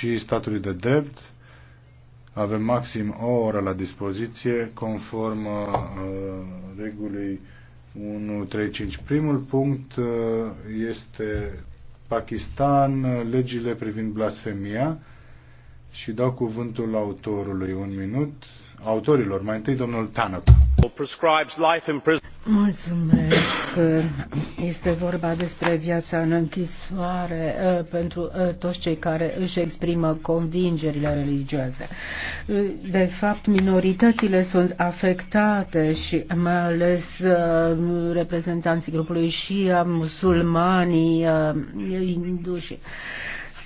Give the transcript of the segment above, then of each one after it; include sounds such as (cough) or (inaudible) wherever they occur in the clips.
și statului de drept. Avem maxim o oră la dispoziție, conform uh, regulii 135. Primul punct uh, este Pakistan, legile privind blasfemia și dau cuvântul autorului un minut, autorilor, mai întâi domnul Tanăp. Mulțumesc. Este vorba despre viața în închisoare uh, pentru uh, toți cei care își exprimă convingerile religioase. Uh, de fapt, minoritățile sunt afectate și mai ales reprezentanții grupului șia, musulmanii, induși.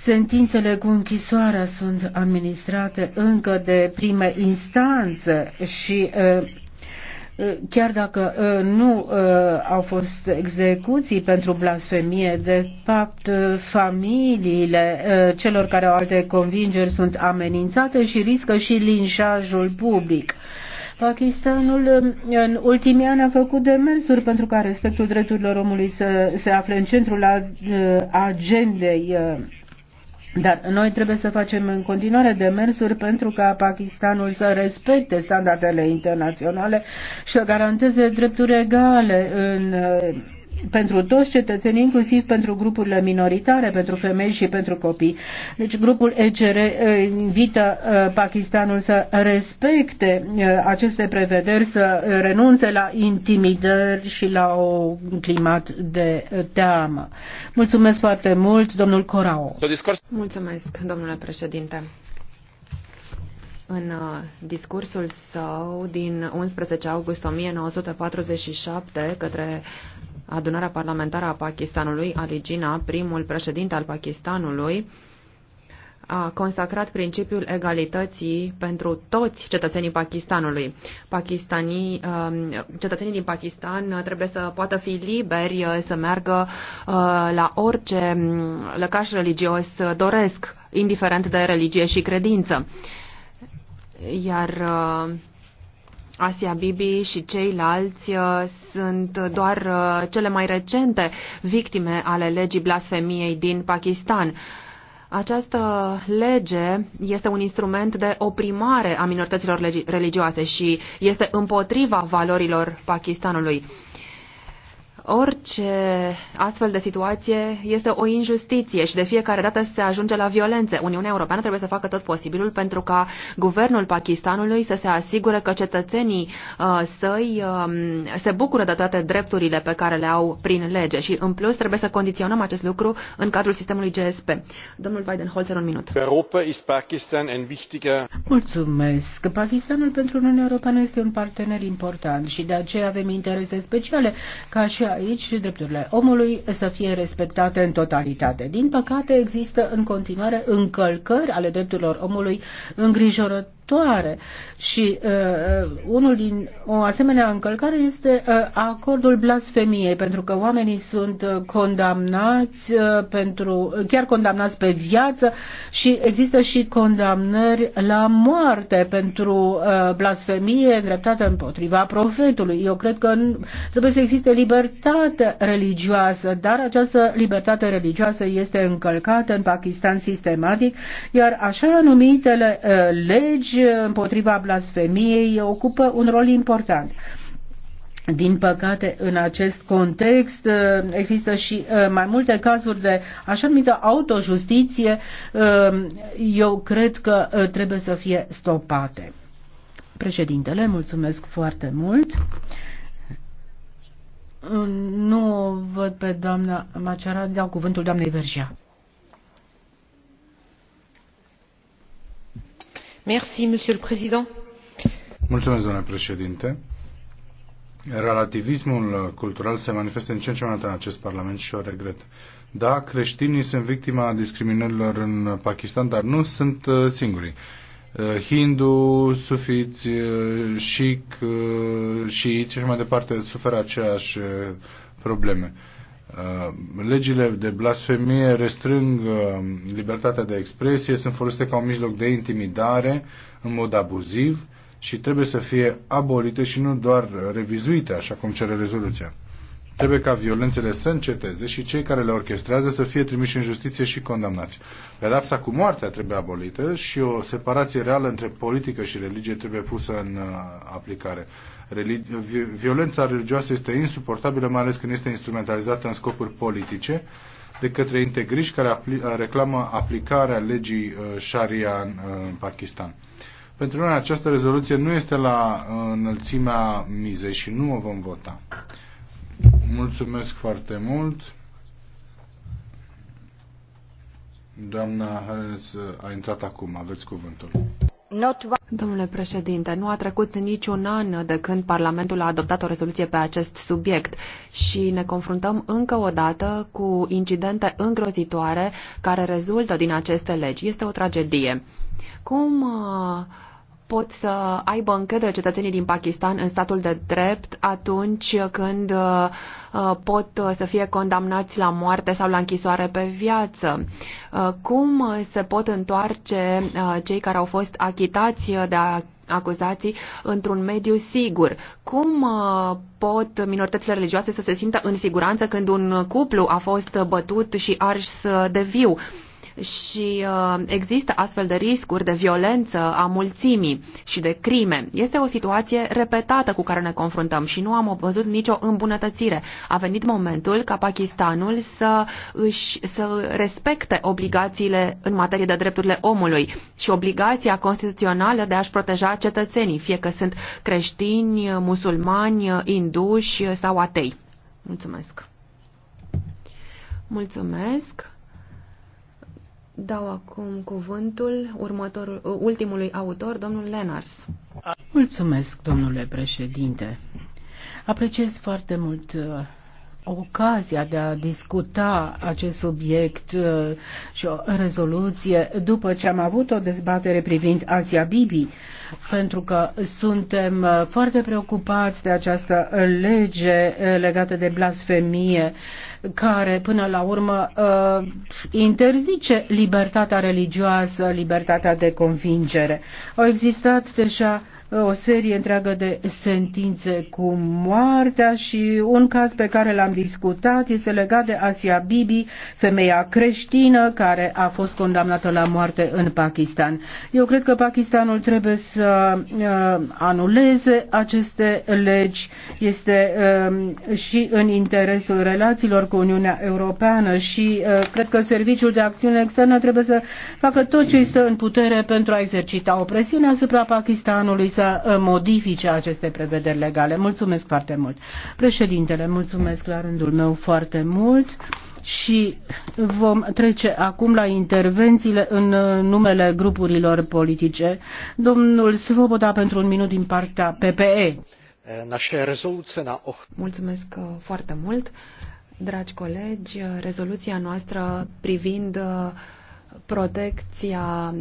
Sentințele cu închisoarea sunt administrate încă de prime instanță și uh, chiar dacă uh, nu uh, au fost execuții pentru blasfemie, de fapt uh, familiile celor care au alte convingeri sunt amenințate și riscă și linșajul public. Pakistanul în ultimii ani a făcut demersuri pentru ca respectul drepturilor omului să se afle în centrul agendei dar noi trebuie să facem în continuare demersuri pentru ca Pakistanul să respecte standardele internaționale și să garanteze drepturi egale în pentru toți cetățenii, inclusiv pentru grupurile minoritare, pentru femei și pentru copii. Deci grupul ECR uh, invită uh, Pakistanul să respecte uh, aceste prevederi, să renunțe la intimidări și la un climat de teamă. Mulțumesc foarte mult, domnul Corao. Mulțumesc, domnule președinte. În discursul său din 11 august 1947 către adunarea parlamentară a Pakistanului, Ali Jinnah, primul președinte al Pakistanului, a consacrat principiul egalității pentru toți cetățenii Pakistanului. Pakistanii, um, cetățenii din Pakistan trebuie să poată fi liberi uh, să meargă uh, la orice um, lăcaș religios doresc, indiferent de religie și credință. Iar uh, Asia Bibi și ceilalți uh, sunt doar uh, cele mai recente victime ale legii blasfemiei din Pakistan. Această lege este un instrument de oprimare a minorităților religioase și este împotriva valorilor Pakistanului. Orice astfel de situație este o injustiție și de fiecare dată se ajunge la violențe. Uniunea Europeană trebuie să facă tot posibilul pentru ca guvernul Pakistanului să se asigure că cetățenii uh, săi uh, se bucură de toate drepturile pe care le au prin lege și în plus trebuie să condiționăm acest lucru în cadrul sistemului GSP. Domnul Biden, Weidenholzer, un minut. Europa is Pakistan and wichtiger... Mulțumesc. Pakistanul pentru Uniunea Europeană este un partener important și de aceea avem interese speciale ca și aici drepturile omului să fie respectate în totalitate. Din păcate, există în continuare încălcări ale drepturilor omului îngrijorătoare viitoare și uh, uh, unul din o asemenea încălcare este uh, acordul blasfemiei, pentru că oamenii sunt uh, condamnați uh, pentru, chiar condamnați pe viață și există și condamnări la moarte pentru uh, blasfemie îndreptată împotriva profetului. Eu cred că trebuie să existe libertate religioasă, dar această libertate religioasă este încălcată în Pakistan sistematic, iar așa numitele uh, legi legi deci, împotriva blasfemiei ocupă un rol important. Din păcate, în acest context uh, există și uh, mai multe cazuri de așa numită autojustiție. Uh, eu cred că trebuie să fie stopate. Președintele, mulțumesc foarte mult. Nu văd pe doamna Macera, dau cuvântul doamnei Vergea. Mulțumesc, domnule președinte. Relativismul cultural se manifestă în ce în ce mai mult în acest Parlament și o regret. Da, creștinii sunt victima discriminărilor în Pakistan, dar nu sunt uh, singurii. Uh, hindu, sufiți, uh, șic, șiiți și mai departe suferă aceeași probleme Uh, legile de blasfemie restrâng uh, libertatea de expresie, sunt folosite ca un mijloc de intimidare în mod abuziv și trebuie să fie abolite și nu doar revizuite, așa cum cere rezoluția. Trebuie ca violențele să înceteze și cei care le orchestrează să fie trimiși în justiție și condamnați. Pedapsa cu moartea trebuie abolită și o separație reală între politică și religie trebuie pusă în uh, aplicare. Religi- violența religioasă este insuportabilă, mai ales când este instrumentalizată în scopuri politice de către integriști care apli- uh, reclamă aplicarea legii uh, Sharia în uh, Pakistan. Pentru noi această rezoluție nu este la uh, înălțimea mizei și nu o vom vota. Mulțumesc foarte mult. Doamna Harens a intrat acum, aveți cuvântul. Domnule președinte, nu a trecut niciun an de când Parlamentul a adoptat o rezoluție pe acest subiect și ne confruntăm încă o dată cu incidente îngrozitoare care rezultă din aceste legi. Este o tragedie. Cum uh, pot să aibă încredere cetățenii din Pakistan în statul de drept atunci când uh, uh, pot uh, să fie condamnați la moarte sau la închisoare pe viață. Cum se pot întoarce cei care au fost achitați de acuzații într-un mediu sigur? Cum pot minoritățile religioase să se simtă în siguranță când un cuplu a fost bătut și ars de viu? și uh, există astfel de riscuri de violență a mulțimii și de crime. Este o situație repetată cu care ne confruntăm și nu am văzut nicio îmbunătățire. A venit momentul ca Pakistanul să, își, să respecte obligațiile în materie de drepturile omului și obligația constituțională de a-și proteja cetățenii, fie că sunt creștini, musulmani, induși sau atei. Mulțumesc! Mulțumesc! Dau acum cuvântul următorul, ultimului autor, domnul Lenars. Mulțumesc, domnule președinte. Apreciez foarte mult uh, ocazia de a discuta acest subiect uh, și o rezoluție după ce am avut o dezbatere privind Asia Bibi, pentru că suntem uh, foarte preocupați de această lege uh, legată de blasfemie care până la urmă interzice libertatea religioasă, libertatea de convingere. Au existat deja o serie întreagă de sentințe cu moartea și un caz pe care l-am discutat este legat de Asia Bibi, femeia creștină care a fost condamnată la moarte în Pakistan. Eu cred că Pakistanul trebuie să uh, anuleze aceste legi. Este uh, și în interesul relațiilor cu Uniunea Europeană și uh, cred că Serviciul de Acțiune Externă trebuie să facă tot ce este în putere pentru a exercita o presiune asupra Pakistanului, să să uh, modifice aceste prevederi legale. Mulțumesc foarte mult. Președintele, mulțumesc la rândul meu foarte mult și vom trece acum la intervențiile în uh, numele grupurilor politice. Domnul Svoboda pentru un minut din partea PPE. Eh, mulțumesc uh, foarte mult. Dragi colegi, rezoluția noastră privind protecția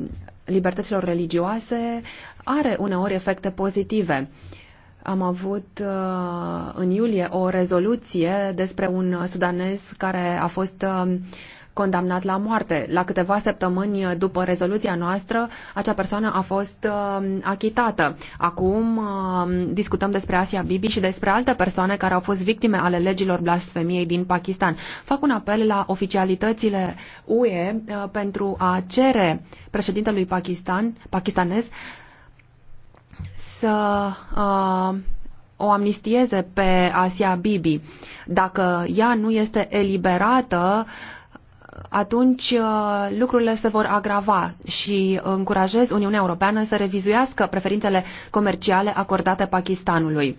libertăților religioase are uneori efecte pozitive. Am avut uh, în iulie o rezoluție despre un sudanez care a fost uh, condamnat la moarte. La câteva săptămâni după rezoluția noastră, acea persoană a fost um, achitată. Acum um, discutăm despre Asia Bibi și despre alte persoane care au fost victime ale legilor blasfemiei din Pakistan. Fac un apel la oficialitățile UE uh, pentru a cere președintelui Pakistan, pakistanez să uh, o amnistieze pe Asia Bibi. Dacă ea nu este eliberată, uh, atunci uh, lucrurile se vor agrava și încurajez Uniunea Europeană să revizuiască preferințele comerciale acordate Pakistanului.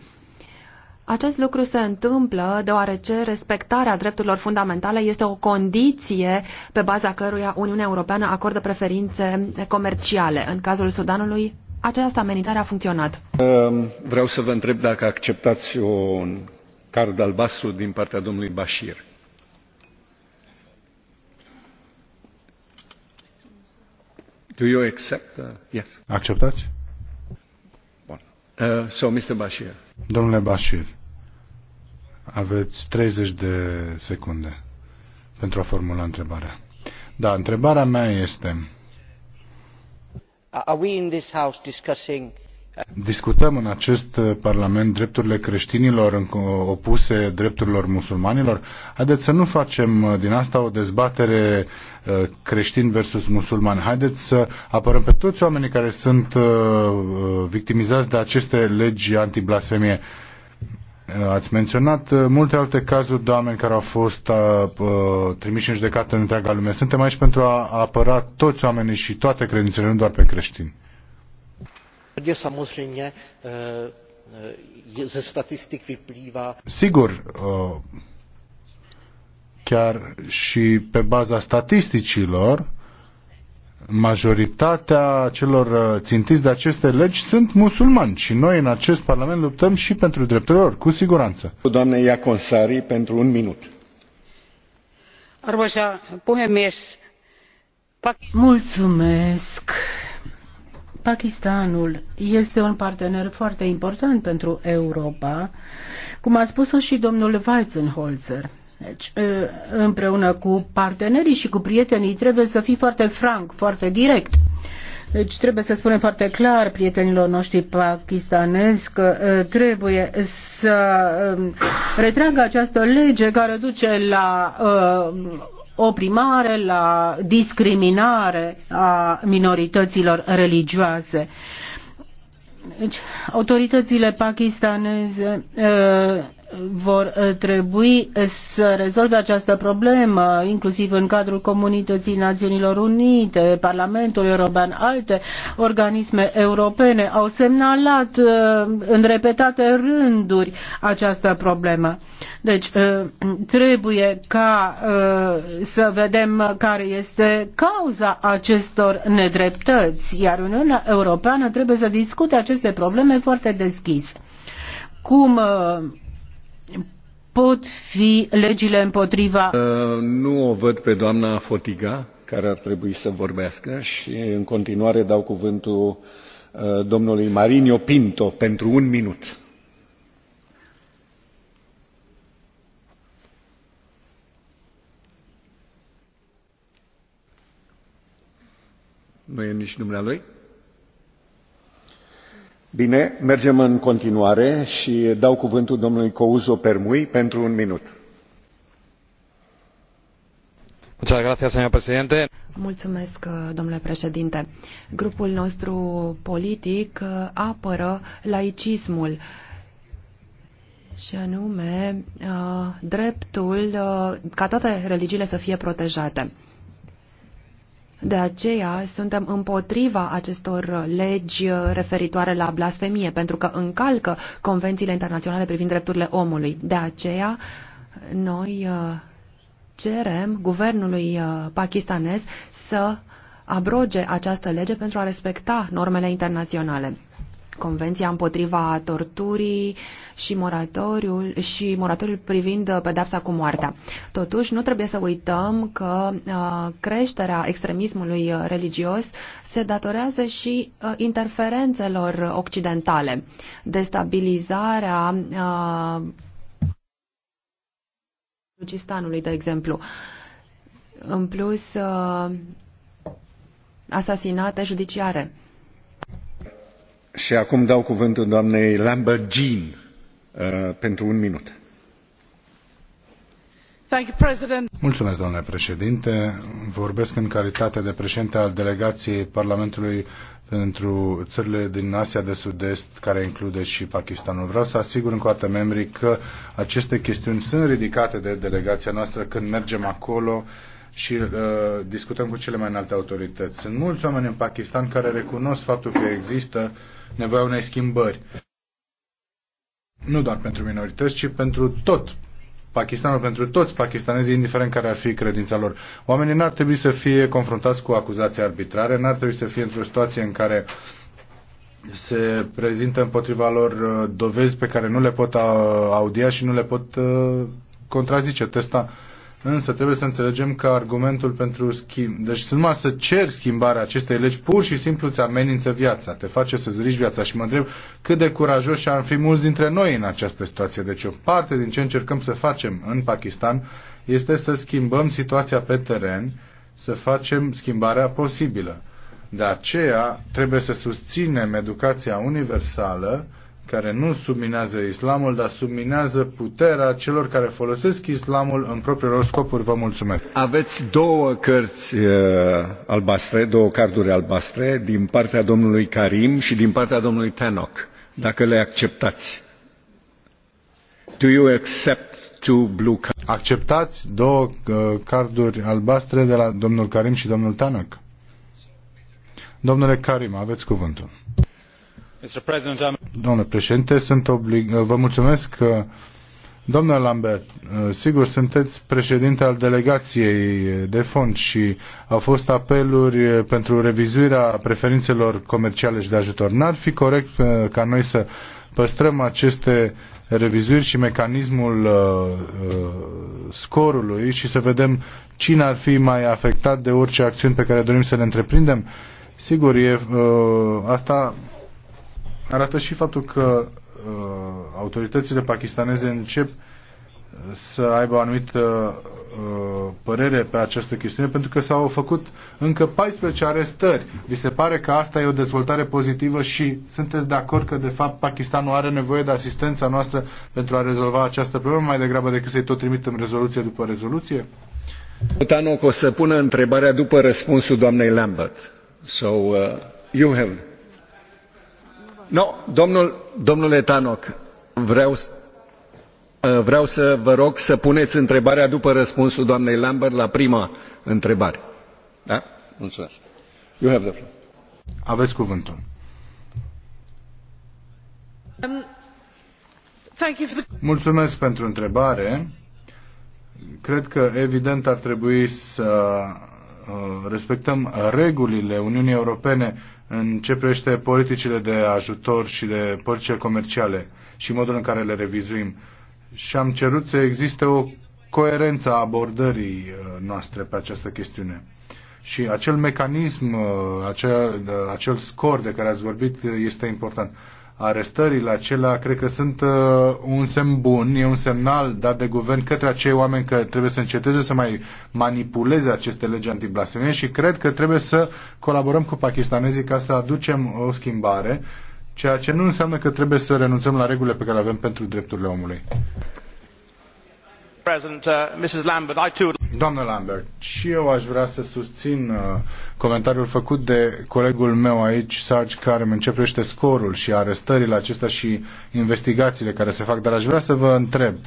Acest lucru se întâmplă deoarece respectarea drepturilor fundamentale este o condiție pe baza căruia Uniunea Europeană acordă preferințe comerciale. În cazul Sudanului, această amenințare a funcționat. Ehm, vreau să vă întreb dacă acceptați un card albastru din partea domnului Bashir. Do you accept? yes. Acceptați? Bun. Uh, so, Mr. Bashir. Domnule Bashir, aveți 30 de secunde pentru a formula întrebarea. Da, întrebarea mea este... Are we in this house discussing Discutăm în acest uh, Parlament drepturile creștinilor opuse drepturilor musulmanilor. Haideți să nu facem uh, din asta o dezbatere uh, creștin versus musulman. Haideți să apărăm pe toți oamenii care sunt victimizați de aceste legi antiblasfemie. Ați menționat multe alte cazuri de oameni care au fost trimiși în judecată în întreaga lume. Suntem aici pentru a apăra toți oamenii și toate credințele, nu doar pe creștini samozřejmě eh, eh, ze statistik vyplývá. Sigur, eh, chiar și pe baza statisticilor, majoritatea celor țintiți de aceste legi sunt musulmani și noi în acest Parlament luptăm și pentru drepturile lor, cu siguranță. Doamne Iaconsari, pentru un minut. Arvoisa puhemies. Mulțumesc. Pakistanul este un partener foarte important pentru Europa, cum a spus-o și domnul Weizenholzer. Deci, ă, împreună cu partenerii și cu prietenii trebuie să fii foarte franc, foarte direct. Deci trebuie să spunem foarte clar prietenilor noștri pakistanezi că ă, trebuie să ă, retragă această lege care duce la oprimare, la discriminare a minorităților religioase. Deci, autoritățile pakistaneze uh, vor uh, trebui uh, să rezolve această problemă, inclusiv în cadrul Comunității Națiunilor Unite, Parlamentul European, alte organisme europene au semnalat uh, în repetate rânduri această problemă. Deci trebuie ca să vedem care este cauza acestor nedreptăți, iar Uniunea Europeană trebuie să discute aceste probleme foarte deschis. Cum pot fi legile împotriva. Uh, nu o văd pe doamna Fotiga, care ar trebui să vorbească și în continuare dau cuvântul uh, domnului Marinho Pinto pentru un minut. Nu e nici dumnealui? Bine, mergem în continuare și dau cuvântul domnului Couzo Permui pentru un minut. Mulțumesc, domnule președinte. Grupul nostru politic apără laicismul și anume uh, dreptul uh, ca toate religiile să fie protejate. De aceea suntem împotriva acestor legi referitoare la blasfemie, pentru că încalcă convențiile internaționale privind drepturile omului. De aceea noi uh, cerem guvernului uh, pakistanez să abroge această lege pentru a respecta normele internaționale. Convenția împotriva torturii și moratoriul, și moratoriul privind uh, pedepsa cu moartea. Totuși, nu trebuie să uităm că uh, creșterea extremismului uh, religios se datorează și interferențelor occidentale. Destabilizarea Lucistanului, de exemplu. În plus, asasinate judiciare și acum dau cuvântul doamnei Lambergine uh, pentru un minut. Mulțumesc, domnule președinte. Vorbesc în calitate de președinte al delegației Parlamentului pentru țările din Asia de Sud-Est, care include și Pakistanul. Vreau să asigur încă o dată membrii că aceste chestiuni sunt ridicate de delegația noastră când mergem acolo și uh, discutăm cu cele mai înalte autorități. Sunt mulți oameni în Pakistan care recunosc faptul că există uh, nevoia unei schimbări. Nu doar pentru minorități, ci pentru tot Pakistanul, pentru toți pakistanezii, indiferent care ar fi credința lor. Oamenii n-ar trebui să fie confruntați cu acuzații arbitrare, n-ar trebui să fie într-o situație în care se prezintă împotriva lor uh, dovezi pe care nu le pot uh, audia și nu le pot uh, contrazice, testa Însă trebuie să înțelegem că argumentul pentru schimb... Deci numai să cer schimbarea acestei legi, pur și simplu îți amenință viața, te face să-ți viața și mă întreb cât de curajoși ar fi mulți dintre noi în această situație. Deci o parte din ce încercăm să facem în Pakistan este să schimbăm situația pe teren, să facem schimbarea posibilă. De aceea trebuie să susținem educația universală care nu subminează islamul, dar subminează puterea celor care folosesc islamul în propriilor scopuri. Vă mulțumesc. Aveți două cărți uh, albastre, două carduri albastre, din partea domnului Karim și din partea domnului Tanok, dacă le acceptați. Do you accept two blue cards? Acceptați două uh, carduri albastre de la domnul Karim și domnul Tanok? Domnule Karim, aveți cuvântul. Domnule președinte, sunt oblig... vă mulțumesc că Domnule Lambert, uh, sigur sunteți președinte al delegației de fond și au fost apeluri uh, pentru revizuirea preferințelor comerciale și de ajutor. N-ar fi corect uh, ca noi să păstrăm aceste revizuiri și mecanismul uh, scorului și să vedem cine ar fi mai afectat de orice acțiuni pe care dorim să le întreprindem? Sigur, e, uh, asta arată și faptul că uh, autoritățile pakistaneze încep uh, să aibă o anumită uh, părere pe această chestiune, pentru că s-au făcut încă 14 arestări. Vi se pare că asta e o dezvoltare pozitivă și sunteți de acord că, de fapt, Pakistanul are nevoie de asistența noastră pentru a rezolva această problemă, mai degrabă decât să-i tot trimitem rezoluție după rezoluție? Tanoc, o să pună întrebarea după răspunsul doamnei Lambert. So, uh, you have No, domnule tannock ă, vreau, să vă rog să puneți întrebarea după răspunsul doamnei lambert la prima întrebare. Da? Mulțumesc. You have the floor. Aveți cuvântul. Um, Mulțumesc pentru întrebare. Cred că evident ar trebui să uh, respectăm regulile Uniunii Europene în ce privește politicile de ajutor și de politicile comerciale și modul în care le revizuim. Și am cerut să existe o coerență a abordării uh, noastre pe această chestiune. Și acel mecanism, uh, acel, uh, acel scor de care ați vorbit este important arestările acelea cred că sunt uh, un semn bun, e un semnal dat de guvern către acei oameni că trebuie să înceteze să mai manipuleze aceste legi antiblasfemie și cred că trebuie să colaborăm cu pakistanezii ca să aducem o schimbare, ceea ce nu înseamnă că trebuie să renunțăm la regulile pe care le avem pentru drepturile omului. Uh, Doamnă Lambert, și eu aș vrea să susțin uh, comentariul făcut de colegul meu aici, Sarge, care îmi începește scorul și arestările acestea și investigațiile care se fac, dar aș vrea să vă întreb. Uh,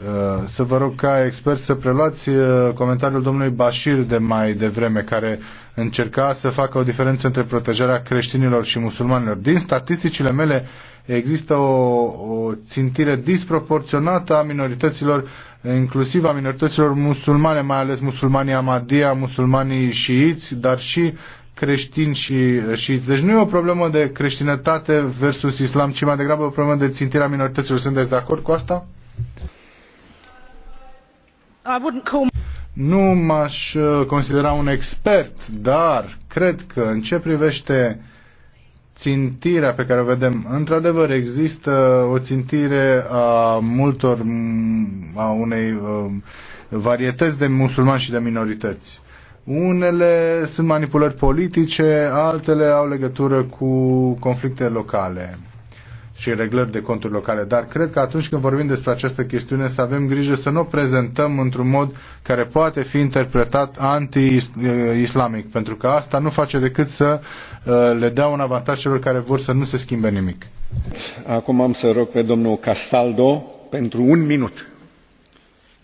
Uh, să vă rog ca expert să preluați uh, comentariul domnului Bashir de mai devreme, care încerca să facă o diferență între protejarea creștinilor și musulmanilor. Din statisticile mele există o, o țintire disproporționată a minorităților, inclusiv a minorităților musulmane, mai ales musulmanii Amadia, musulmanii șiiți, dar și creștini și uh, șiiți. Deci nu e o problemă de creștinătate versus islam, ci mai degrabă o problemă de a minorităților. Sunteți de acord cu asta? Nu m-aș uh, considera un expert, dar cred că în ce privește țintirea pe care o vedem, într-adevăr există o țintire a multor, a unei um, varietăți de musulmani și de minorități. Unele sunt manipulări politice, altele au legătură cu conflicte locale și reglări de conturi locale. Dar cred că atunci când vorbim despre această chestiune să avem grijă să nu o prezentăm într-un mod care poate fi interpretat anti-islamic, pentru că asta nu face decât să uh, le dea un avantaj celor care vor să nu se schimbe nimic. Acum am să rog pe domnul Castaldo pentru un minut.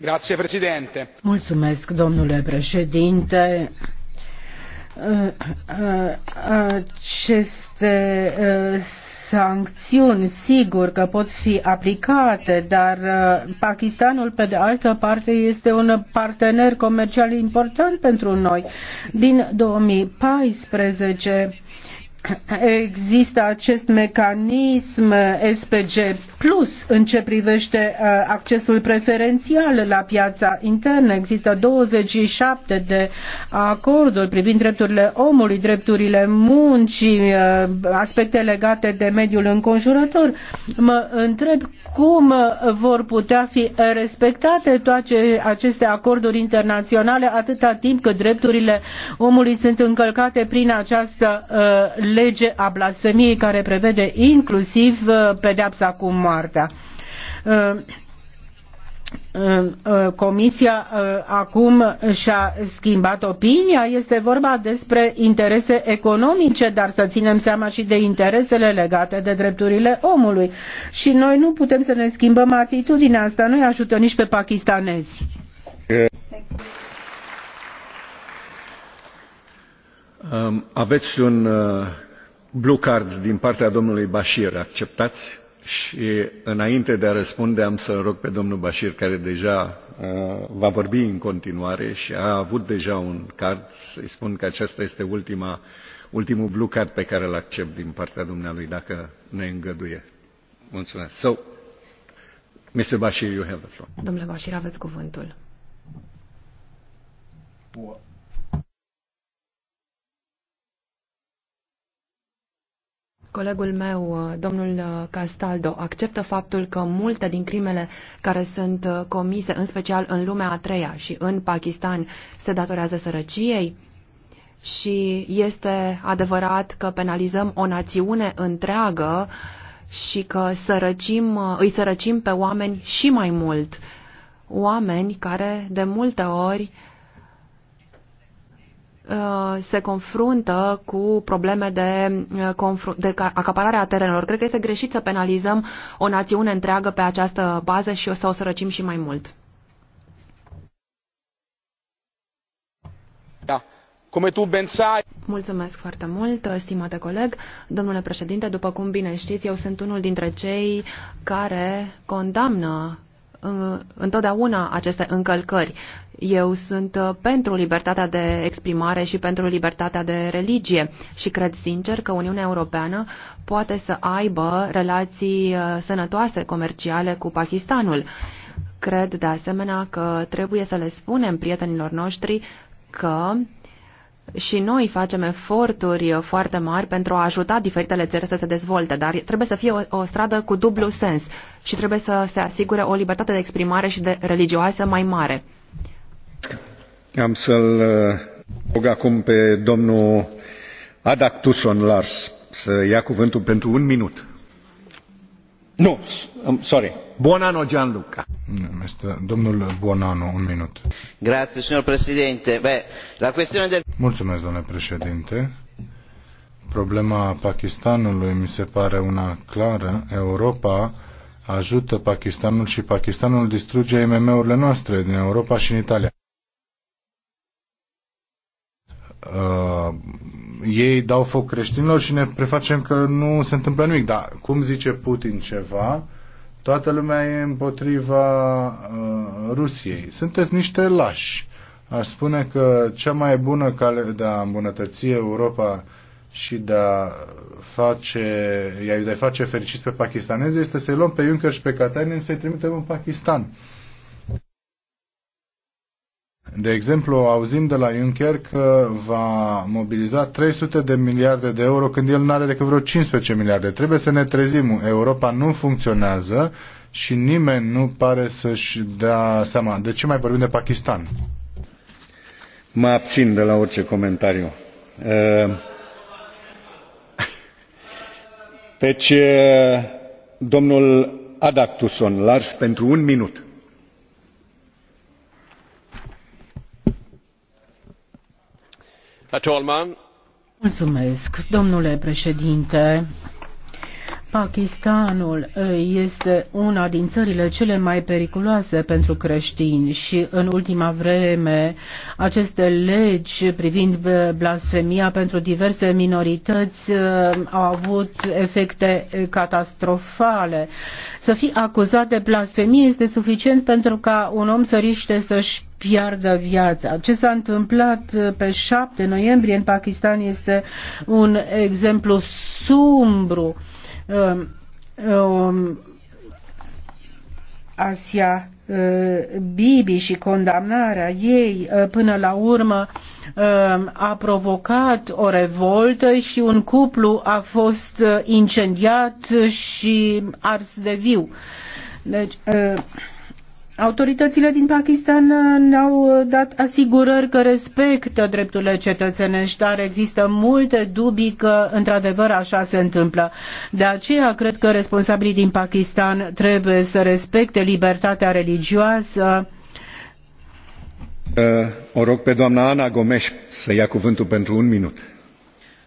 Grazie, președinte. Mulțumesc, domnule președinte uh, uh, aceste sancțiuni, sigur că pot fi aplicate, dar uh, Pakistanul, pe de altă parte, este un partener comercial important pentru noi. Din 2014, există acest mecanism SPG Plus în ce privește uh, accesul preferențial la piața internă. Există 27 de acorduri privind drepturile omului, drepturile muncii, uh, aspecte legate de mediul înconjurător. Mă întreb cum vor putea fi respectate toate aceste acorduri internaționale atâta timp cât drepturile omului sunt încălcate prin această uh, lege a blasfemiei care prevede inclusiv uh, pedepsa cu moartea. Uh, uh, comisia acum și-a schimbat opinia, este vorba despre interese economice, dar să ținem seama și de interesele legate de drepturile omului. Și noi nu putem să ne schimbăm atitudinea asta, nu-i ajută nici pe pakistanezi. Um, aveți un uh, blue card din partea domnului Bashir. Acceptați? Și înainte de a răspunde am să rog pe domnul Bashir, care deja uh, va vorbi în continuare și a avut deja un card, să-i spun că aceasta este ultima, ultimul blue card pe care îl accept din partea dumnealui, dacă ne îngăduie. Mulțumesc. So, Mr. Bashir, you have the floor. Domnule Bashir, aveți cuvântul. Colegul meu, uh, domnul uh, Castaldo, acceptă faptul că multe din crimele care sunt uh, comise, în special în lumea a treia și în Pakistan, se datorează sărăciei? Și este adevărat că penalizăm o națiune întreagă și că sărăcim, îi sărăcim pe oameni și mai mult. Oameni care de multe ori uh, Uh, se confruntă cu probleme de, uh, de acaparare a terenelor. Cred că este greșit să penalizăm o națiune întreagă pe această bază și o să o sărăcim și mai mult. Da. Mulțumesc foarte mult, stimate coleg. Domnule președinte, după cum bine știți, eu sunt unul dintre cei care condamnă întotdeauna aceste încălcări. Eu sunt uh, pentru libertatea de exprimare și pentru libertatea de religie și cred sincer că Uniunea Europeană poate să aibă relații uh, sănătoase comerciale cu Pakistanul. Cred de asemenea că trebuie să le spunem prietenilor noștri că și noi facem eforturi foarte mari pentru a ajuta diferitele țări să se dezvolte, dar trebuie să fie o, o stradă cu dublu sens și trebuie să se asigure o libertate de exprimare și de religioasă mai mare. Am să-l uh, rog acum pe domnul Adak Lars să ia cuvântul pentru un minut. Nu, um, sorry. Gianluca. un minut. signor Presidente. la questione del... Mulțumesc, domnule președinte. Problema Pakistanului mi se pare una clară. Europa ajută Pakistanul și Pakistanul distruge IMM-urile noastre din Europa și în Italia. Uh, ei dau foc creștinilor și ne prefacem că nu se întâmplă nimic. Dar cum zice Putin ceva, toată lumea e împotriva uh, Rusiei. Sunteți niște lași. Aș spune că cea mai bună cale de a îmbunătăți Europa și de a face, de a face fericiți pe pakistanezi este să-i luăm pe Juncker și pe Katainen să-i trimitem în Pakistan. De exemplu, auzim de la Juncker că va mobiliza 300 de miliarde de euro când el nu are decât vreo 15 miliarde. Trebuie să ne trezim. Europa nu funcționează și nimeni nu pare să-și dea seama. De ce mai vorbim de Pakistan? Mă abțin de la orice comentariu. Ehm, (laughs) deci, eh, domnul Adactuson Lars, pentru un minut. Herr Mulțumesc, domnule președinte. Pakistanul eh, este una din țările cele mai periculoase pentru creștini și în ultima vreme aceste legi privind eh, blasfemia pentru diverse minorități eh, au avut efecte catastrofale. Să fii acuzat de blasfemie este suficient pentru ca un om să riște să-și piardă viața. Ce s-a întâmplat pe 7 noiembrie în Pakistan este un exemplu sumbru Um, um, Asia uh, Bibi și condamnarea ei uh, până la urmă um, a provocat o revoltă și un cuplu a fost uh, incendiat și ars de viu. Deci, Autoritățile din Pakistan uh, ne-au uh, dat asigurări că respectă drepturile cetățenești, dar există multe dubii că într-adevăr așa se întâmplă. De aceea cred că responsabilii din Pakistan trebuie să respecte libertatea religioasă. Uh, o rog pe doamna Ana Gomes să ia cuvântul pentru un minut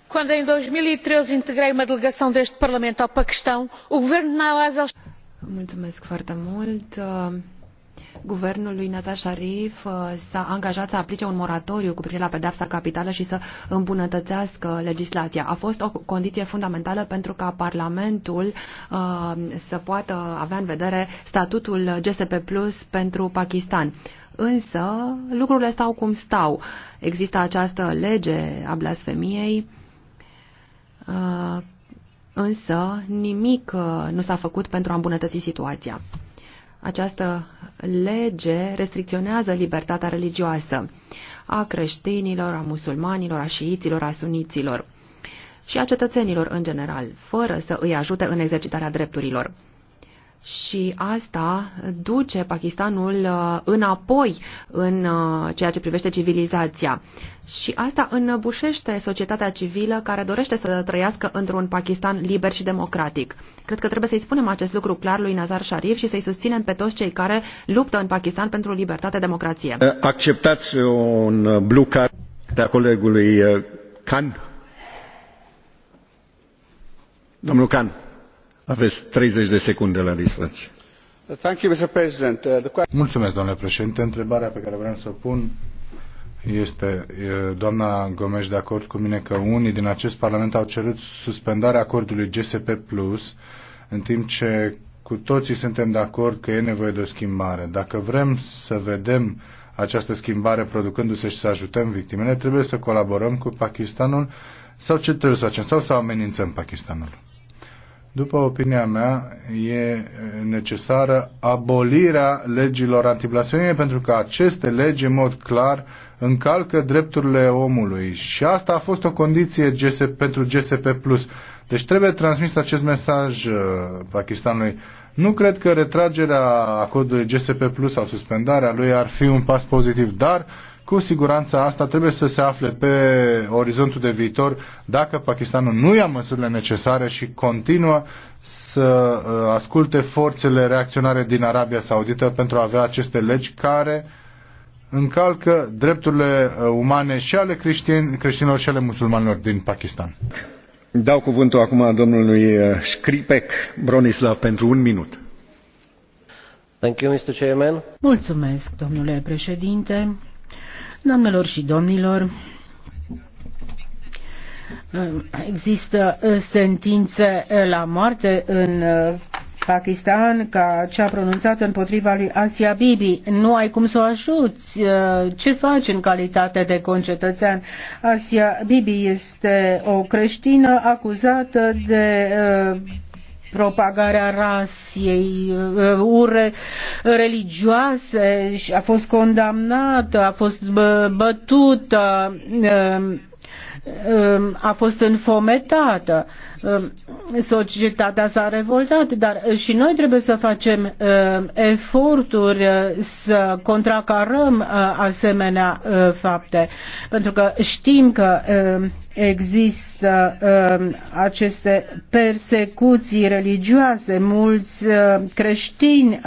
Când în 2013 integrai e treze de Parlament delegação Pakistan, parlamento guvernul Nawaz Mulțumesc foarte mult. Guvernul lui Nata Sharif uh, s-a angajat să aplice un moratoriu cu privire la pedeapsa capitală și să îmbunătățească legislația. A fost o condiție fundamentală pentru ca Parlamentul uh, să poată avea în vedere statutul GSP Plus pentru Pakistan. Însă lucrurile stau cum stau. Există această lege a blasfemiei uh, Însă nimic nu s-a făcut pentru a îmbunătăți situația. Această lege restricționează libertatea religioasă a creștinilor, a musulmanilor, a șiiților, a suniților și a cetățenilor în general, fără să îi ajute în exercitarea drepturilor și asta duce Pakistanul uh, înapoi în uh, ceea ce privește civilizația. Și asta înăbușește societatea civilă care dorește să trăiască într-un Pakistan liber și democratic. Cred că trebuie să-i spunem acest lucru clar lui Nazar Sharif și să-i susținem pe toți cei care luptă în Pakistan pentru libertate, democrație. Uh, acceptați un blue card de colegului Khan? Domnul Khan 30 de secunde la uh, Mulțumesc, domnule președinte. Întrebarea pe care vreau să o pun este doamna Gomes de acord cu mine că unii din acest Parlament au cerut suspendarea acordului GSP Plus, în timp ce cu toții suntem de acord că e nevoie de o schimbare. Dacă vrem să vedem această schimbare producându-se și să ajutăm victimele, trebuie să colaborăm cu Pakistanul sau ce trebuie să facem? Sau să amenințăm Pakistanul? După opinia mea, e necesară abolirea legilor antiblasfemie pentru că aceste legi, în mod clar, încalcă drepturile omului. Și asta a fost o condiție GSP, pentru GSP+. Deci trebuie transmis acest mesaj uh, Pakistanului. Nu cred că retragerea acordului GSP Plus sau suspendarea lui ar fi un pas pozitiv, dar cu siguranță asta trebuie să se afle pe orizontul de viitor dacă Pakistanul nu ia măsurile necesare și continuă să uh, asculte forțele reacționare din Arabia Saudită pentru a avea aceste legi care încalcă drepturile uh, umane și ale creștin, creștinilor și ale musulmanilor din Pakistan. Dau cuvântul acum domnului uh, Scripec Bronislav pentru un minut. Thank you, Mr. Chairman. Mulțumesc, domnule președinte. Doamnelor și domnilor, există uh, sentințe uh, la moarte în uh, Pakistan ca cea pronunțată împotriva lui Asia Bibi. Nu ai cum să o ajuți. Ce faci în calitate de concetățean? Asia Bibi este o creștină acuzată de propagarea rasiei, uh, ure religioase și a fost condamnată, a fost bătută uh, Ehm, a fost înfometată. Ehm, societatea s-a revoltat, dar eh, și noi trebuie să facem ehm, eforturi eh, să contracarăm eh, asemenea fapte, pentru că știm că există aceste persecuții religioase, mulți creștini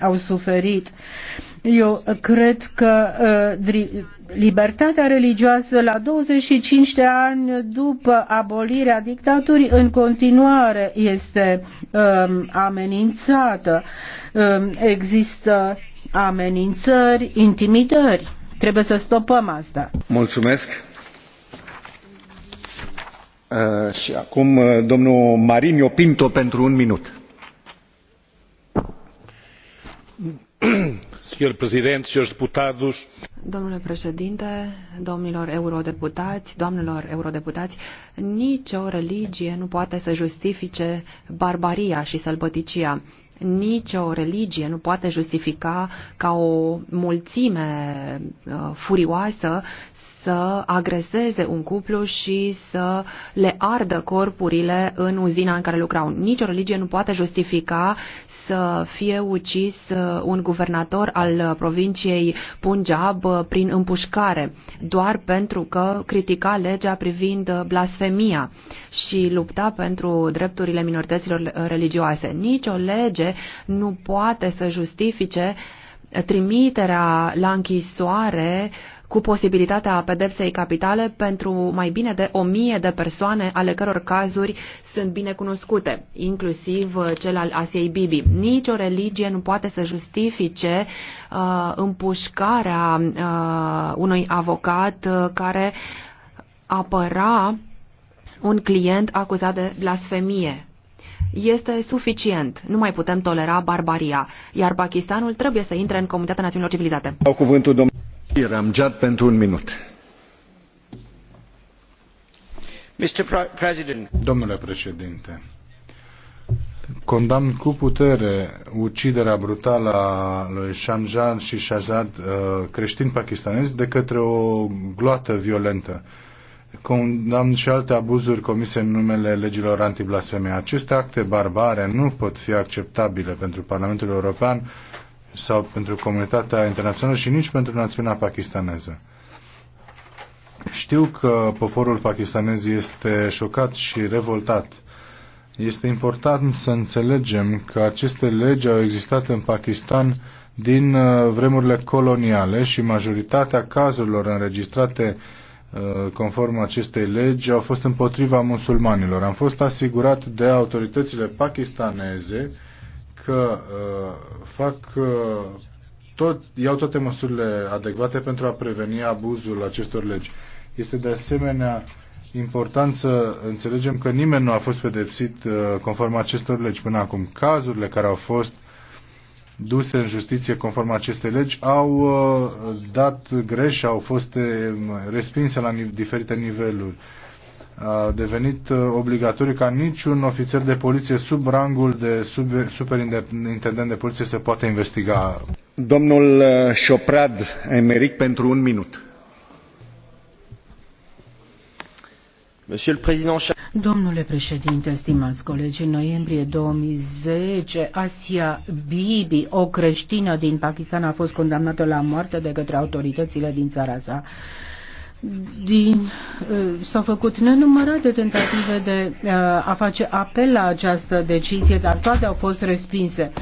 au suferit eu cred că ă, libertatea religioasă la 25 de ani după abolirea dictaturii în continuare este ă, amenințată. Ă, există amenințări, intimidări. Trebuie să stopăm asta. Mulțumesc. Uh, și acum uh, domnul Marinho Pinto pentru un minut. (clears throat) domnule președinte domnilor eurodeputați doamnelor eurodeputați nicio religie nu poate să justifice barbaria și sălbăticia nicio religie nu poate justifica ca o mulțime uh, furioasă să agreseze un cuplu și să le ardă corpurile în uzina în care lucrau. Nici o religie nu poate justifica să fie ucis uh, un guvernator al uh, provinciei Punjab uh, prin împușcare, doar pentru că critica legea privind blasfemia și lupta pentru drepturile minorităților religioase. Nici o lege nu poate să justifice trimiterea la închisoare uh, cu posibilitatea pedepsei capitale pentru mai bine de o mie de persoane, ale căror cazuri sunt bine cunoscute, inclusiv uh, cel al Asiei Bibi. Nici o religie nu poate să justifice uh, împușcarea uh, unui avocat uh, care apăra un client acuzat de blasfemie. Este suficient. Nu mai putem tolera barbaria, iar Pakistanul trebuie să intre în Comunitatea Națiunilor Civilizate. Au cuvântul domnului. Domnule președinte, condamn cu putere uciderea brutală a lui Shamjan și Shazad, uh, creștini pakistanezi, de către o gloată violentă. Condamn și alte abuzuri comise în numele legilor antiblasfemie. Aceste acte barbare nu pot fi acceptabile pentru Parlamentul European sau pentru comunitatea internațională și nici pentru națiunea pakistaneză. Știu că poporul pakistanez este șocat și revoltat. Este important să înțelegem că aceste legi au existat în Pakistan din uh, vremurile coloniale și majoritatea cazurilor înregistrate uh, conform acestei legi au fost împotriva musulmanilor. Am fost asigurat de autoritățile pakistaneze că uh, fac uh, tot, iau toate măsurile adecvate pentru a preveni abuzul acestor legi. Este de asemenea important să înțelegem că nimeni nu a fost pedepsit uh, conform acestor legi până acum. Cazurile care au fost duse în justiție conform acestei legi au dat greș, au fost um, respinse la diferite niveluri a devenit uh, obligatoriu ca niciun ofițer de poliție sub rangul de sub, superintendent de poliție să poată investiga. Domnul uh, Șoprad Emeric pentru un minut. Domnule președinte, stimați colegi, în noiembrie 2010, Asia Bibi, o creștină din Pakistan, a fost condamnată la moarte de către autoritățile din țara sa din, uh, s-au făcut nenumărate tentative de uh, a face apel la această decizie, dar toate au fost respinse.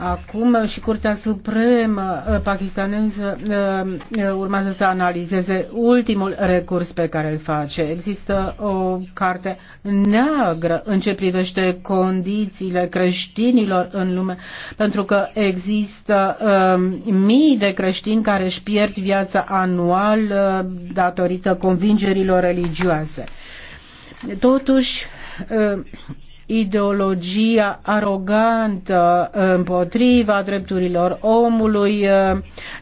Acum și Curtea Supremă uh, pakistaneză uh, uh, urmează să analizeze ultimul recurs pe care îl face. Există o carte neagră în ce privește condițiile creștinilor în lume, pentru că există mii de creștini care își pierd viața anual datorită convingerilor religioase. Totuși, ideologia arogantă împotriva drepturilor omului eh,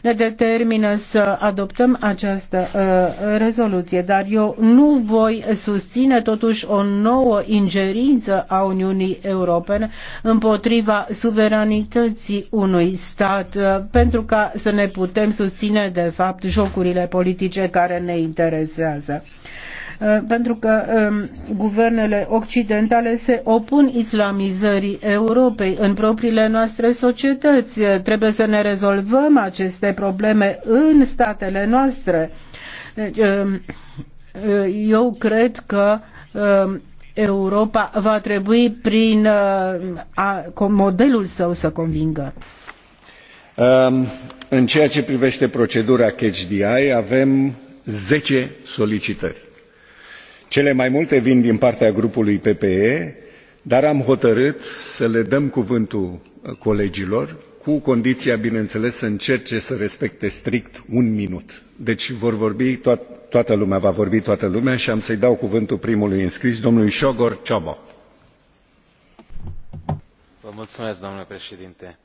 ne determină să adoptăm această eh, rezoluție. Dar eu nu voi susține totuși o nouă ingerință a Uniunii Europene împotriva suveranității unui stat eh, pentru ca să ne putem susține de fapt jocurile politice care ne interesează. Uh, pentru că um, guvernele occidentale se opun islamizării Europei în propriile noastre societăți. Uh, trebuie să ne rezolvăm aceste probleme în statele noastre. Deci, um, uh, eu cred că um, Europa va trebui prin a, modelul său să convingă. În ceea ce privește procedura CHDI, avem 10 solicitări cele mai multe vin din partea grupului ppe dar am hotărât să le dăm cuvântul uh, colegilor cu condiția bineînțeles să încerce să respecte strict un minut deci vor vorbi toată lumea va vorbi toată lumea și am să i dau cuvântul primului înscris domnului sógor ciobo. domnule președinte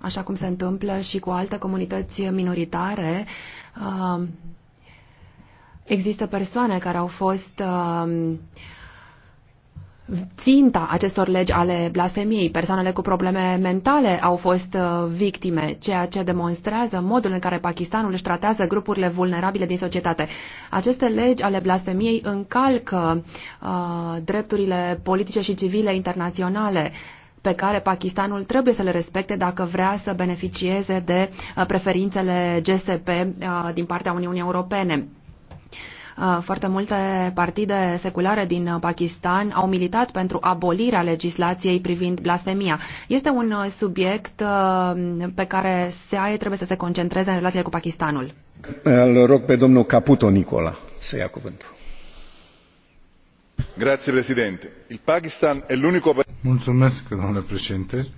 Așa cum se întâmplă și cu alte comunități minoritare, uh, Există persoane care au fost uh, ținta acestor legi ale blasfemiei. Persoanele cu probleme mentale au fost uh, victime, ceea ce demonstrează modul în care Pakistanul își tratează grupurile vulnerabile din societate. Aceste legi ale blasfemiei încalcă uh, drepturile politice și civile internaționale pe care Pakistanul trebuie să le respecte dacă vrea să beneficieze de uh, preferințele GSP uh, din partea Uniunii Europene. Uh, foarte multe partide seculare din uh, Pakistan au militat pentru abolirea legislației privind blasfemia. Este un uh, subiect pe care SEAE trebuie să se concentreze în relația cu Pakistanul. Îl rog pe domnul Caputo Nicola să ia cuvântul. Grazie, Presidente. Il Pakistan è l'unico Mulțumesc, domnule președinte.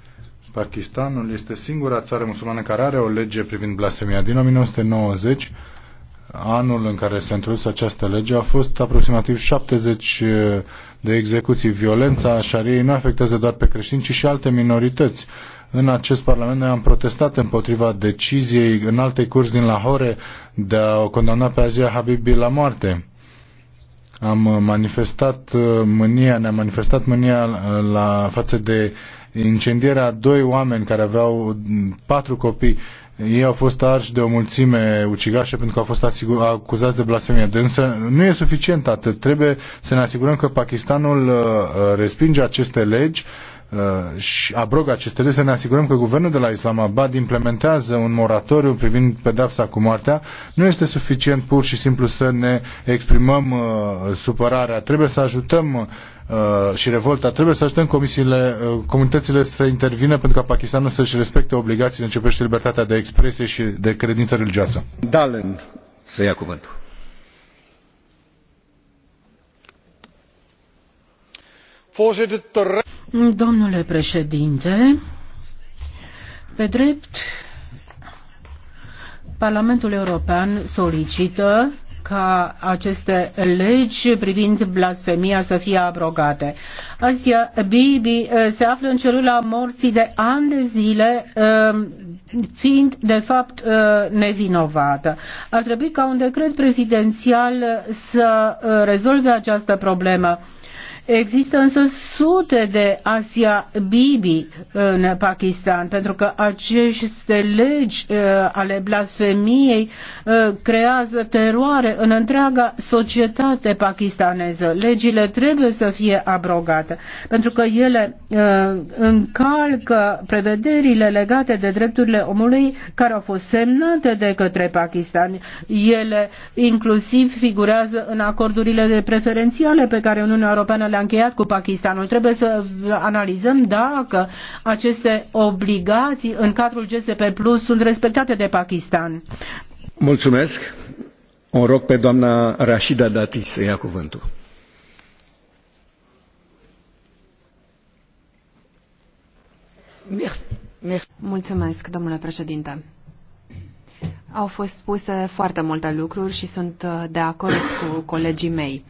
Pakistanul este singura țară musulmană care are o lege privind blasfemia. Din 1990, anul în care s-a introdus această lege au fost aproximativ 70 de execuții. Violența șariei nu afectează doar pe creștini, ci și alte minorități. În acest Parlament noi am protestat împotriva deciziei în alte curs din Lahore de a o condamna pe Azia Habibi la moarte. Am manifestat uh, mânia, ne-am manifestat mânia uh, la față de incendierea doi oameni care aveau mm, patru copii ei au fost arși de o mulțime ucigașă pentru că au fost acuzați de blasfemie. Însă nu e suficient atât. Trebuie să ne asigurăm că Pakistanul uh, uh, respinge aceste legi uh, și abrogă aceste legi, să ne asigurăm că guvernul de la Islamabad implementează un moratoriu privind pedapsa cu moartea, nu este suficient pur și simplu să ne exprimăm uh, supărarea. Trebuie să ajutăm Uh, și revolta, trebuie să așteptăm comisiile, uh, comunitățile să intervină pentru ca Pakistanul să-și respecte obligațiile în ce privește libertatea de expresie și de credință religioasă. Dalen să ia cuvântul. Domnule președinte, pe drept, Parlamentul European solicită ca aceste legi privind blasfemia să fie abrogate. Azi, uh, Bibi uh, se află în celula morții de ani de zile, uh, fiind de fapt nevinovată. Ar trebui ca un decret prezidențial să rezolve această problemă Există însă sute de Asia Bibi în Pakistan, pentru că aceste legi uh, ale blasfemiei uh, creează teroare în întreaga societate pakistaneză. Legile trebuie să fie abrogate, pentru că ele uh, încalcă prevederile legate de drepturile omului care au fost semnate de către Pakistan. Ele inclusiv figurează în acordurile de preferențiale pe care Uniunea Europeană le-a încheiat cu Pakistanul. Trebuie să analizăm dacă aceste obligații în cadrul GSP Plus sunt respectate de Pakistan. Mulțumesc. O rog pe doamna Rashida Dati să ia cuvântul. Mulțumesc, domnule președinte. Au fost spuse foarte multe lucruri și sunt de acord cu colegii mei.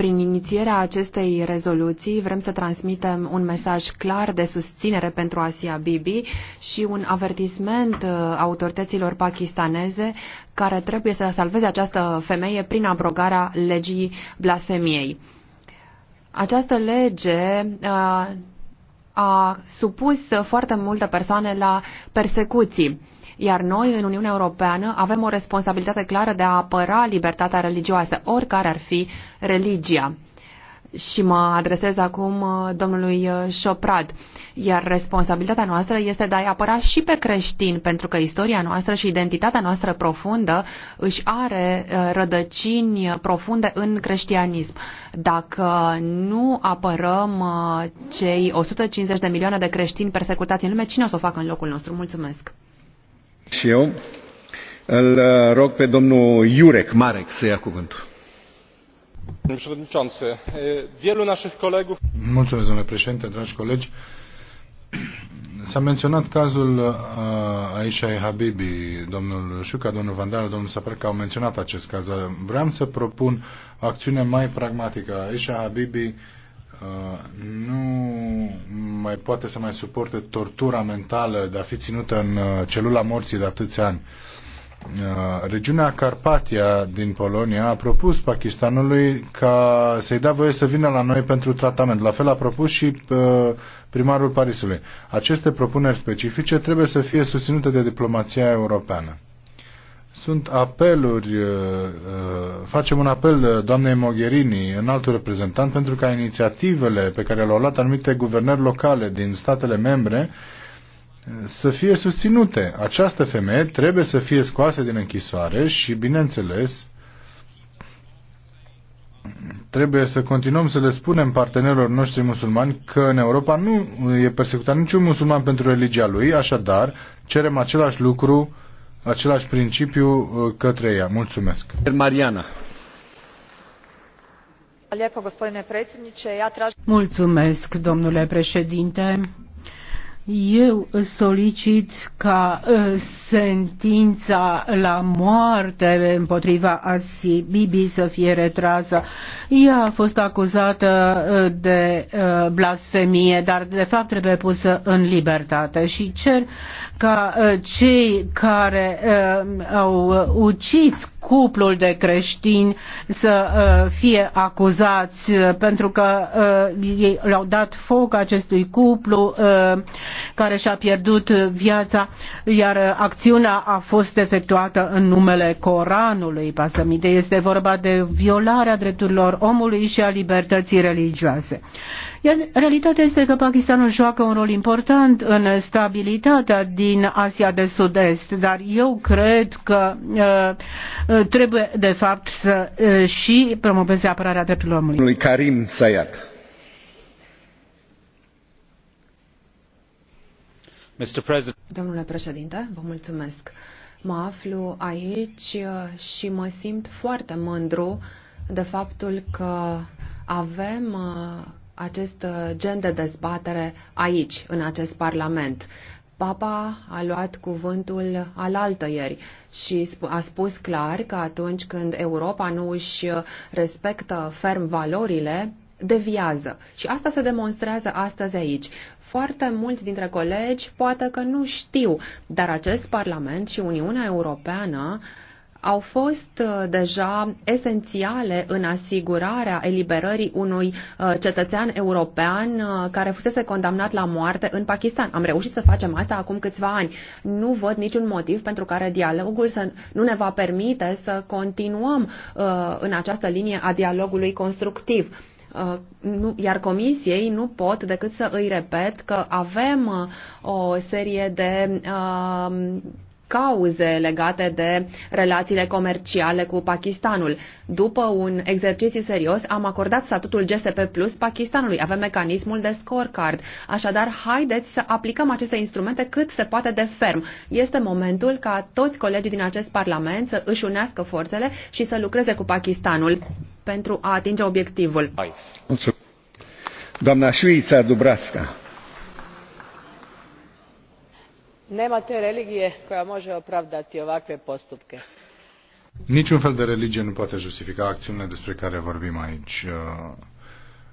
Prin inițierea acestei rezoluții vrem să transmitem un mesaj clar de susținere pentru Asia Bibi și un avertisment uh, autorităților pakistaneze care trebuie să salveze această femeie prin abrogarea legii blasemiei. Această lege uh, a supus foarte multe persoane la persecuții iar noi, în Uniunea Europeană, avem o responsabilitate clară de a apăra libertatea religioasă, oricare ar fi religia. Și mă adresez acum uh, domnului uh, Șoprad. Iar responsabilitatea noastră este de a-i apăra și pe creștini, pentru că istoria noastră și identitatea noastră profundă își are uh, rădăcini profunde în creștianism. Dacă nu apărăm cei 150 de milioane de creștini persecutați în lume, cine o să o facă în locul nostru? Mulțumesc! Și eu îl uh, rog pe domnul Jurek Marek să ia cuvântul. Mulțumesc, domnule președinte, dragi colegi. S-a menționat cazul aici uh, ai Habibi, domnul Șuca, domnul Vandal, domnul că au menționat acest caz. Vreau să propun o acțiune mai pragmatică. Aici Habibi Uh, nu mai poate să mai suporte tortura mentală de a fi ținută în uh, celula morții de atâți ani. Uh, regiunea Carpatia din Polonia a propus Pakistanului ca să-i dea voie să vină la noi pentru tratament. La fel a propus și primarul Parisului. Aceste propuneri specifice trebuie să fie susținute de diplomația europeană. Sunt apeluri, uh, uh, facem un apel uh, doamnei Mogherini, în altul reprezentant, pentru ca inițiativele pe care le-au luat anumite guvernări locale din statele membre să fie susținute. Această femeie trebuie să fie scoasă din închisoare și, bineînțeles, trebuie să continuăm să le spunem partenerilor noștri musulmani că în Europa nu e persecutat niciun musulman pentru religia lui, așadar cerem același lucru același principiu uh, către ea. Mulțumesc. Mariana. Mulțumesc, domnule președinte. Eu solicit ca ă, sentința la moarte împotriva Asi Bibi să fie retrasă. Ea a fost acuzată ă, de ă, blasfemie, dar de fapt trebuie pusă în libertate și cer ca cei care au ucis cuplul de creștini să uh, fie acuzați uh, pentru că uh, ei le-au dat foc acestui cuplu care și-a pierdut viața, iar acțiunea a fost efectuată în numele Coranului Pasamide. Este vorba de violarea drepturilor omului și a libertății religioase. Iar realitatea este că Pakistanul joacă un rol important în stabilitatea din Asia de Sud-Est, dar eu cred că uh, uh trebuie de fapt să uh, și promoveze apărarea drepturilor omului. Lui Karim Sayat. Domnule președinte, vă mulțumesc. Mă aflu aici uh, și mă simt foarte mândru de faptul că avem uh, acest uh, gen de dezbatere aici, în acest Parlament. Papa a luat cuvântul alaltă ieri și a spus clar că atunci când Europa nu își uh, respectă ferm valorile, deviază. Și asta se demonstrează astăzi aici. Foarte mulți dintre colegi poate că nu știu, dar acest Parlament și Uniunea Europeană au fost uh, deja esențiale în asigurarea eliberării unui uh, cetățean european uh, care fusese condamnat la moarte în Pakistan. Am reușit să facem asta acum câțiva ani. Nu văd niciun motiv pentru care dialogul să nu ne va permite să continuăm în această linie a dialogului constructiv iar comisiei nu pot decât să îi repet că avem o serie de cauze legate de relațiile comerciale cu Pakistanul. După un exercițiu serios, am acordat statutul GSP Plus Pakistanului. Avem mecanismul de scorecard. Așadar, haideți să aplicăm aceste instrumente cât se poate de ferm. Este momentul ca toți colegii din acest Parlament să își unească forțele și să lucreze cu Pakistanul pentru a atinge obiectivul. Doamna Șuița Dubrasca. nema te religije koja moe opravdati ovakve postupke. niciun fel de religie nu poate justifica acțiunile despre care vorbim aici. Uh,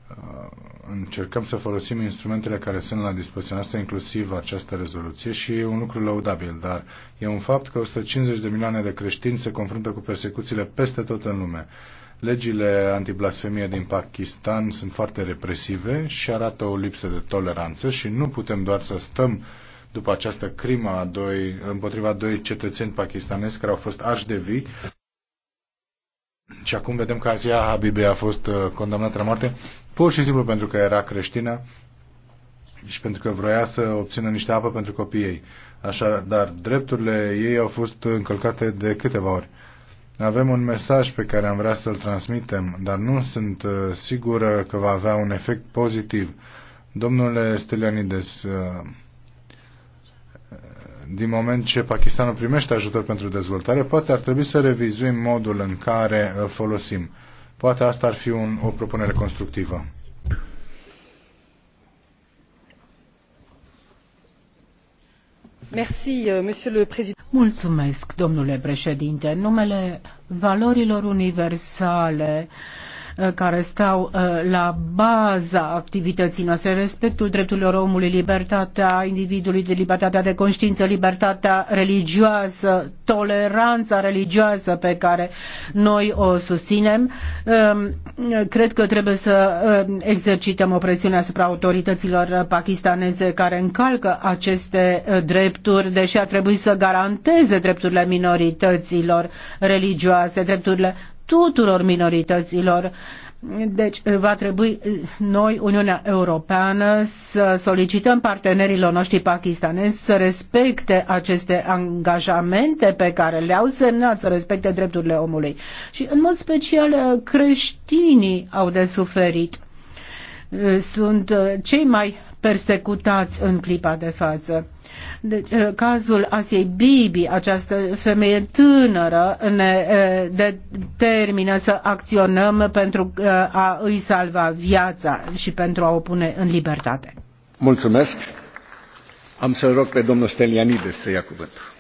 uh, încercăm să folosim instrumentele care sunt la dispoziția noastră, inclusiv această rezoluție, și e un lucru laudabil, dar e un fapt că 150 de milioane de creștini se confruntă cu persecuțiile peste tot în lume. Legile antiblasfemie din Pakistan sunt foarte represive și arată o lipsă de toleranță și nu putem doar să stăm după această crimă a doi, împotriva doi cetățeni pakistanezi care au fost arși de vii. Și acum vedem că Asia Habibi a fost uh, condamnată la moarte pur și simplu pentru că era creștină și pentru că vroia să obțină niște apă pentru copiii ei. așa dar drepturile ei au fost încălcate de câteva ori. Avem un mesaj pe care am vrea să-l transmitem, dar nu sunt uh, sigură că va avea un efect pozitiv. Domnule Stelianides, uh, din moment ce Pakistanul primește ajutor pentru dezvoltare, poate ar trebui să revizuim modul în care îl uh, folosim. Poate asta ar fi un, o propunere constructivă. Euh, Mulțumesc, domnule președinte în numele valorilor universale Eh, care stau eh, la baza activității noastre, respectul drepturilor omului, libertatea individului, libertatea de conștiință, libertatea religioasă, toleranța religioasă pe care noi o susținem. Ehm, cred că trebuie să eh, exercităm o presiune asupra autorităților pakistaneze care încalcă aceste drepturi, deși ar trebui să garanteze drepturile minorităților religioase, drepturile tuturor minorităților. Deci va trebui eh, noi, Uniunea Europeană, să solicităm partenerilor noștri pakistanezi să respecte aceste angajamente pe care le-au semnat, să respecte drepturile omului. Și în mod special eh, creștinii au de suferit. Eh, sunt cei mai persecutați în clipa de față deci, uh, cazul Asiei Bibi, această femeie tânără, ne uh, determină să acționăm pentru uh, a îi salva viața și pentru a o pune în libertate. Mulțumesc. Am să rog pe domnul Stelianides să ia cuvântul.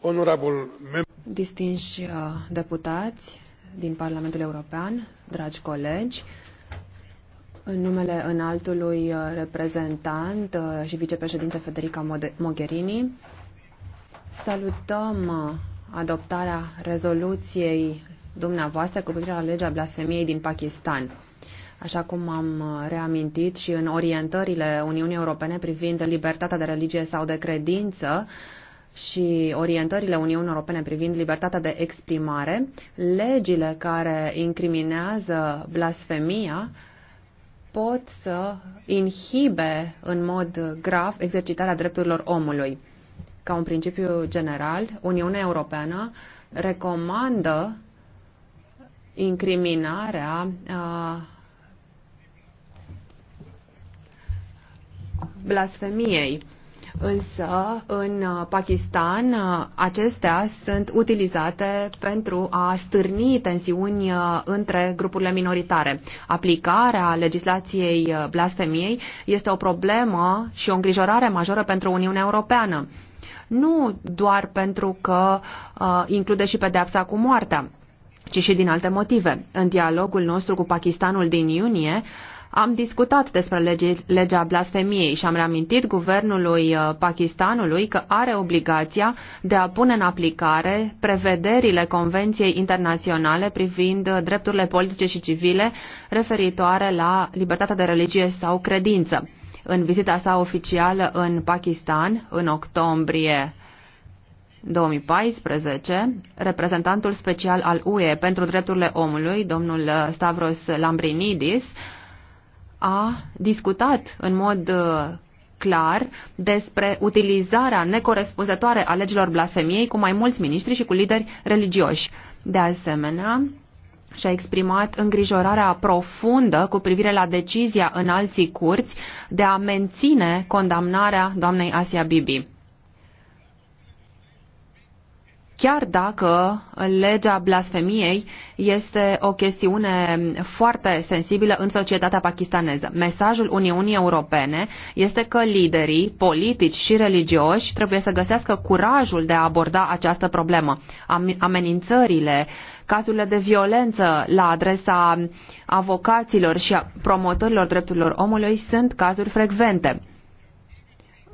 Onorabil... Distinși deputați din Parlamentul European, dragi colegi, în numele înaltului uh, reprezentant uh, și vicepreședinte Federica Mogherini, salutăm uh, adoptarea rezoluției dumneavoastră cu privire la legea blasfemiei din Pakistan. Așa cum am reamintit și în orientările Uniunii Europene privind libertatea de religie sau de credință, și orientările Uniunii Europene privind libertatea de exprimare, legile care incriminează blasfemia pot să inhibe în mod grav exercitarea drepturilor omului. Ca un principiu general, Uniunea Europeană recomandă incriminarea blasfemiei Însă, în uh, Pakistan, uh, acestea sunt utilizate pentru a stârni tensiuni uh, între grupurile minoritare. Aplicarea legislației blasfemiei este o problemă și o îngrijorare majoră pentru Uniunea Europeană. Nu doar pentru că uh, include și pedeapsa cu moartea, ci și din alte motive. În dialogul nostru cu Pakistanul din iunie, uh, am discutat despre legea blasfemiei și am reamintit guvernului uh, Pakistanului că are obligația de a pune în aplicare prevederile Convenției Internaționale privind uh, drepturile politice și civile referitoare la libertatea de religie sau credință. În vizita sa oficială în Pakistan, în octombrie 2014, reprezentantul special al UE pentru drepturile omului, domnul uh, Stavros Lambrinidis, a discutat în mod uh, clar despre utilizarea necorespunzătoare a legilor blasfemiei cu mai mulți miniștri și cu lideri religioși. De asemenea, și-a exprimat îngrijorarea profundă cu privire la decizia în alții curți de a menține condamnarea doamnei Asia Bibi chiar dacă legea blasfemiei este o chestiune foarte sensibilă în societatea pakistaneză. Mesajul Uniunii Europene este că liderii politici și religioși trebuie să găsească curajul de a aborda această problemă. Amenințările, cazurile de violență la adresa avocaților și a promotorilor drepturilor omului sunt cazuri frecvente.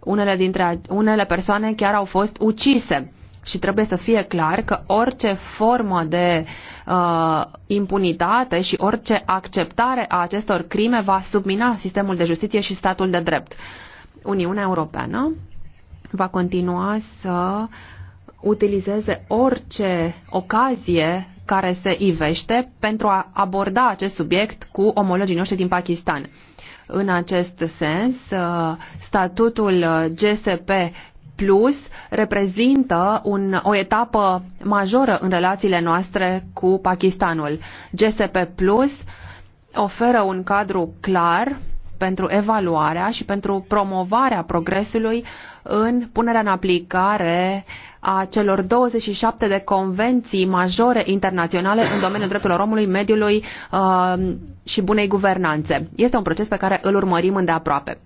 Unele, dintre, unele persoane chiar au fost ucise și trebuie să fie clar că orice formă de uh, impunitate și orice acceptare a acestor crime va submina sistemul de justiție și statul de drept. Uniunea Europeană va continua să utilizeze orice ocazie care se ivește pentru a aborda acest subiect cu omologii noștri din Pakistan. În acest sens, uh, statutul GSP Plus reprezintă un, o etapă majoră în relațiile noastre cu Pakistanul. GSP Plus oferă un cadru clar pentru evaluarea și pentru promovarea progresului în punerea în aplicare a celor 27 de convenții majore internaționale în domeniul drepturilor omului, mediului uh, și bunei guvernanțe. Este un proces pe care îl urmărim îndeaproape.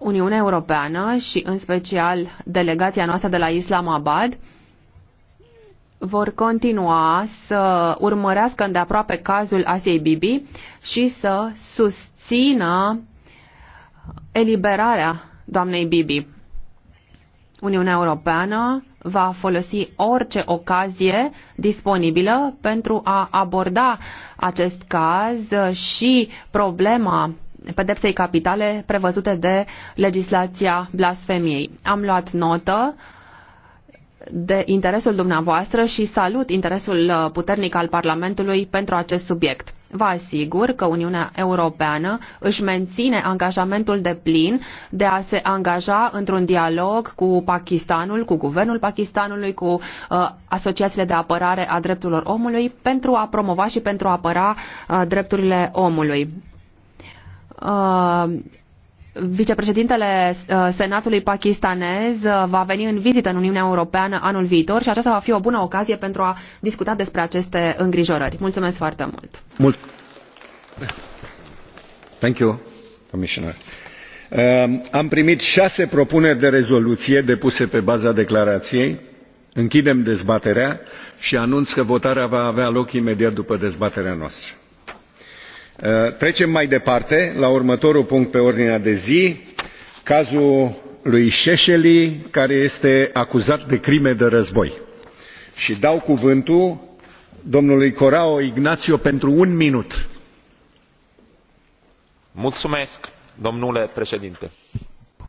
Uniunea Europeană și în special delegația noastră de la Islamabad vor continua să urmărească îndeaproape cazul Asiei Bibi și să susțină eliberarea doamnei Bibi. Uniunea Europeană va folosi orice ocazie disponibilă pentru a aborda acest caz și problema pedepsei capitale prevăzute de legislația blasfemiei. Am luat notă de interesul dumneavoastră și salut interesul uh, puternic al Parlamentului pentru acest subiect. Vă asigur că Uniunea Europeană își menține angajamentul de plin de a se angaja într-un dialog cu Pakistanul, cu guvernul Pakistanului, cu uh, asociațiile de apărare a drepturilor omului pentru a promova și pentru a apăra uh, drepturile omului. Uh, vicepreședintele uh, Senatului pakistanez uh, va veni în vizită în Uniunea Europeană anul viitor și aceasta va fi o bună ocazie pentru a discuta despre aceste îngrijorări. Mulțumesc foarte mult! Mul- Thank you, Commissioner. Um, am primit șase propuneri de rezoluție depuse pe baza declarației. Închidem dezbaterea și anunț că votarea va avea loc imediat după dezbaterea noastră. Uh, trecem mai departe la următorul punct pe ordinea de zi, cazul lui Șeșeli, care este acuzat de crime de război. Și dau cuvântul domnului Corao Ignacio pentru un minut. Mulțumesc, domnule președinte